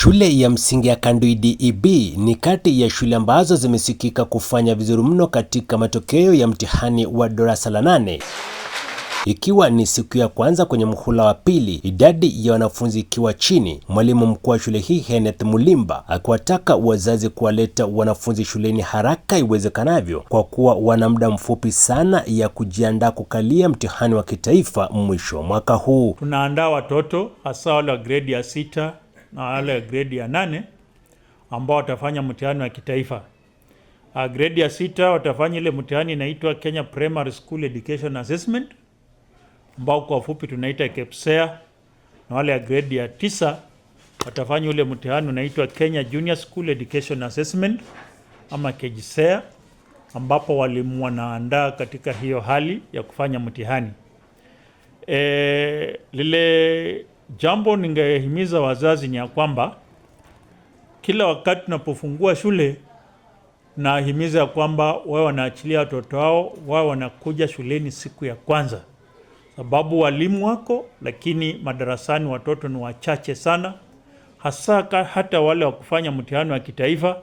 Shule ya msingi ya Kanduyi DEB ni kati ya shule ambazo zimesikika kufanya vizuri mno katika matokeo ya mtihani wa darasa la nane ikiwa ni siku ya kwanza kwenye mhula wa pili, idadi ya wanafunzi ikiwa chini. Mwalimu mkuu wa shule hii Kenneth Mulimba akiwataka wazazi kuwaleta wanafunzi shuleni haraka iwezekanavyo, kwa kuwa wana muda mfupi sana ya kujiandaa kukalia mtihani wa kitaifa mwisho wa mwaka huu. Tunaandaa watoto hasa wale wa gredi ya sita na wale gredi ya nane ambao watafanya mtihani wa kitaifa. Ah, gredi ya sita watafanya ile mtihani inaitwa Kenya Primary School Education Assessment ambao kwa fupi tunaita KEPSEA, na wale ya gredi ya tisa watafanya ule mtihani unaitwa Kenya Junior School Education Assessment ama KJSEA, ambapo walimu wanaandaa katika hiyo hali ya kufanya mtihani e, lile Jambo ningehimiza wazazi ni ya kwamba kila wakati tunapofungua shule, nahimiza ya kwamba wawe wanaachilia watoto wao wawe wanakuja shuleni siku ya kwanza, sababu walimu wako, lakini madarasani watoto ni wachache sana, hasa hata wale wa kufanya mtihani wa kitaifa,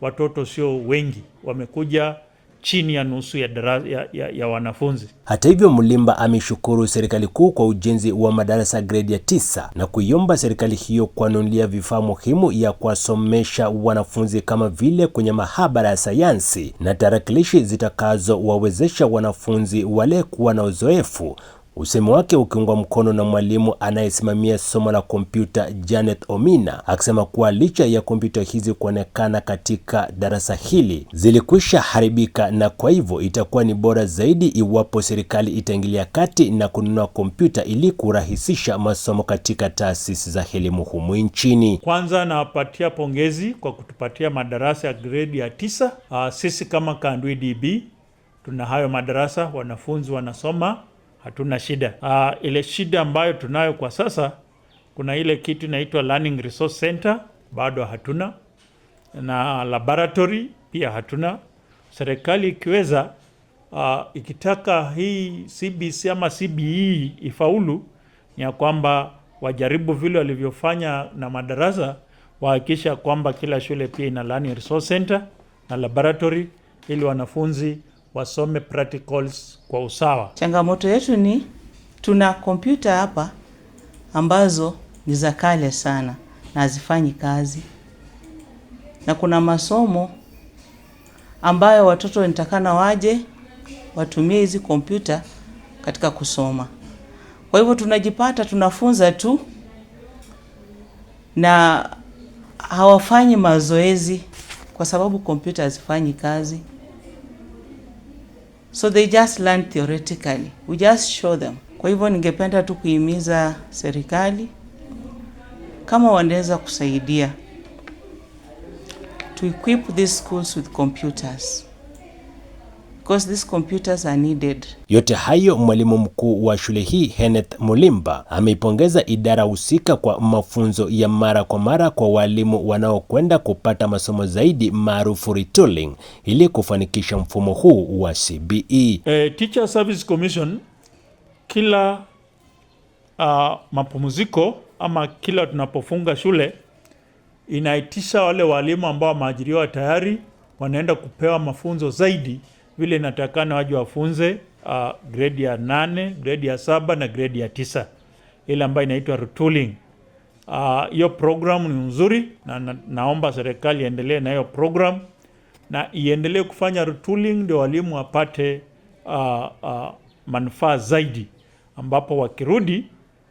watoto sio wengi wamekuja chini ya nusu ya, ya, ya, ya wanafunzi. Hata hivyo, Mlimba ameshukuru serikali kuu kwa ujenzi wa madarasa gredi ya tisa na kuiomba serikali hiyo kuwanunulia vifaa muhimu ya kuwasomesha wanafunzi kama vile kwenye mahabara ya sayansi na tarakilishi zitakazowawezesha wanafunzi wale kuwa na uzoefu Usemi wake ukiungwa mkono na mwalimu anayesimamia somo la kompyuta Janet Omina akisema kuwa licha ya kompyuta hizi kuonekana katika darasa hili zilikwisha haribika, na kwa hivyo itakuwa ni bora zaidi iwapo serikali itaingilia kati na kununua kompyuta ili kurahisisha masomo katika taasisi za elimu humu nchini. Kwanza nawapatia pongezi kwa kutupatia madarasa ya gredi ya tisa. Ah, sisi kama Kandui DB tuna hayo madarasa, wanafunzi wanasoma hatuna shida. Aa, ah, ile shida ambayo tunayo kwa sasa, kuna ile kitu inaitwa Learning Resource Center bado hatuna, na laboratory pia hatuna. Serikali ikiweza Uh, ikitaka hii CBC ama CBE ifaulu ni ya kwamba wajaribu vile walivyofanya na madarasa, wahakikisha kwamba kila shule pia ina learning resource center na laboratory ili wanafunzi wasome practicals kwa usawa. Changamoto yetu ni tuna kompyuta hapa ambazo ni za kale sana na hazifanyi kazi, na kuna masomo ambayo watoto nitakana waje watumie hizi kompyuta katika kusoma. Kwa hivyo tunajipata tunafunza tu na hawafanyi mazoezi kwa sababu kompyuta hazifanyi kazi so they just learn theoretically, we just show them. Kwa hivyo ningependa tu kuhimiza serikali kama wanaweza kusaidia to equip these schools with computers because these computers are needed. Yote hayo mwalimu mkuu wa shule hii Heneth Mulimba ameipongeza idara husika kwa mafunzo ya mara kwa mara kwa walimu wanaokwenda kupata masomo zaidi maarufu retooling ili kufanikisha mfumo huu wa CBE. Eh, Teacher Service Commission kila uh, mapumziko ama kila tunapofunga shule inaitisha wale walimu ambao wameajiriwa tayari wanaenda kupewa mafunzo zaidi vile inatakana waje wafunze uh, gredi ya nane, gredi ya saba na gredi ya tisa ile ambayo inaitwa retooling. Ah, hiyo uh, programu ni nzuri na, na naomba serikali iendelee na hiyo programu na iendelee kufanya retooling ndio walimu wapate uh, uh, manufaa zaidi ambapo wakirudi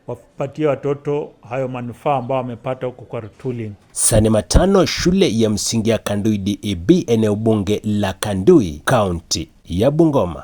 wapatie watoto hayo manufaa ambao wamepata huko kwa Rutuli. Sani matano shule ya msingi ya Kandui DEB eneo bunge la Kandui kaunti ya Bungoma.